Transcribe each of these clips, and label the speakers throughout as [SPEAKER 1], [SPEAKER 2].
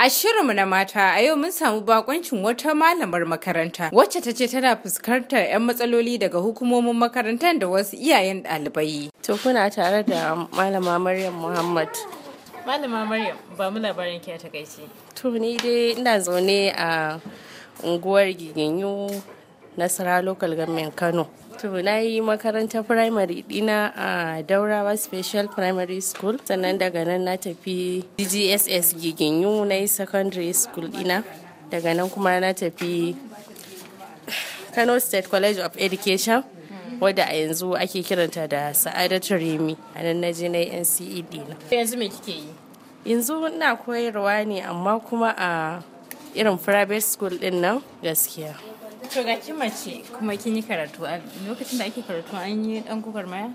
[SPEAKER 1] A shirinmu na mata a yau mun samu bakoncin wata malamar makaranta wacce ta ce tana fuskantar 'yan matsaloli daga hukumomin makarantar da wasu iyayen ɗalibai. To kuna tare
[SPEAKER 2] da malama Maryam Muhammad.
[SPEAKER 1] Malama Maryam ba mu labarin ki a takaice.
[SPEAKER 2] To ni dai ina zaune a unguwar Giginyo nasara local government kano to na yi makarantar primary dina a daurawa special primary school sannan daga nan na tafi dgss giginyu na yi secondary school dina daga nan kuma na tafi kano state college of education wadda a yanzu ake kiranta da sa'adatu remi a nan na je na nce dina yanzu me kike yi yanzu ina koyarwa ne amma kuma a irin private school din nan gaskiya
[SPEAKER 1] To ga ki mace kuma kin yi karatu lokacin da ake karatu an yi dan gwagwarmaya?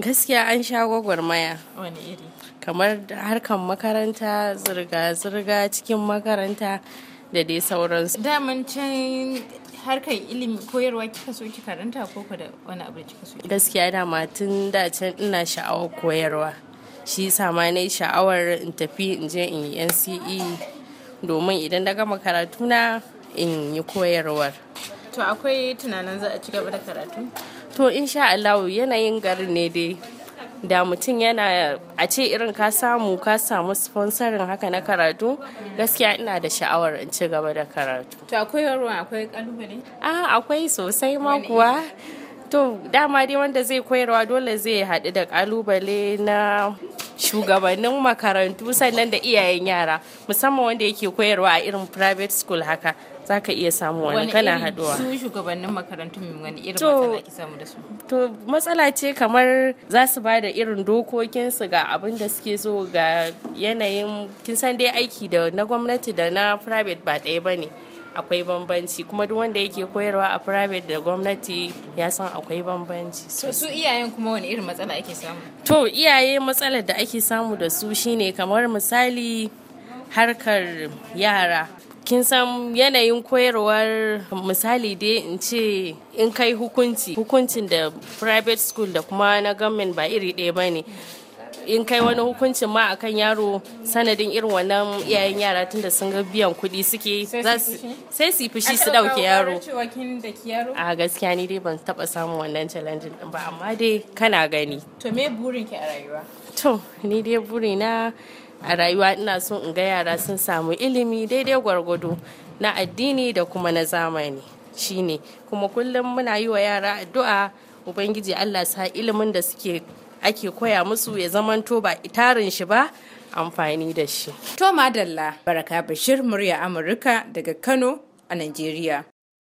[SPEAKER 2] Gaskiya an sha gwagwarmaya. Wani iri? Kamar harkan makaranta, zirga-zirga cikin makaranta da dai sauransu. Daman can harkar ilimi
[SPEAKER 1] koyarwa kika so ki karanta ko da wani abu da kika so
[SPEAKER 2] Gaskiya dama tun da can ina sha'awar koyarwa. Shi yasa ma sha'awar in tafi in je in yi NCE domin idan na gama karatuna in yi koyarwar. to akwai
[SPEAKER 1] tunanin za a ci gaba da karatu
[SPEAKER 2] to insha Allah yanayin garin ne dai da mutum yana a ce irin ka samu ka samu sponsorin haka na karatu gaskiya ina da sha'awar in ci gaba da karatu
[SPEAKER 1] to akwai ruwa akwai kalubale
[SPEAKER 2] A akwai sosai ma kuwa to dama dai wanda zai koyarwa dole zai haɗu da kalubale na shugabannin makarantu sannan da iyayen yara musamman wanda yake koyarwa a irin private school haka za ka iya samu wani kana haduwa su
[SPEAKER 1] shugabannin makarantun wani irin matsala ki samu da su
[SPEAKER 2] to matsala ce kamar za su ba da irin dokokin su ga abin da suke so ga yanayin kin san dai aiki da na gwamnati da na private ba ɗaya bane akwai bambanci kuma duk wanda yake koyarwa a private da gwamnati ya san akwai bambanci to
[SPEAKER 1] su iyayen kuma wani irin matsala ake samu
[SPEAKER 2] to iyaye matsalar da ake samu da su shine kamar misali harkar yara kin san yanayin koyarwar misali dai in ce in kai hukunci hukuncin da private school da kuma na government ba iri ɗaya ba ne in kai wani hukuncin ma akan yaro sanadin irin wannan iyayen yara tun da sun ga biyan kuɗi suke sai su fushi su ɗauke yaro a gaskiya ni dai ban taɓa samun wannan challenge din ba amma dai kana gani
[SPEAKER 1] to me burin ki a
[SPEAKER 2] rayuwa to ni dai burina a rayuwa ina so in ga yara sun samu ilimi daidai gwargwado na addini da kuma na zamani shine kuma kullum muna yi wa yara addu'a ubangiji allah sa ilimin da suke ake koya musu ya zamanto ba itarin shi ba amfani da shi to madalla baraka
[SPEAKER 1] bashir murya amurka daga kano a najeriya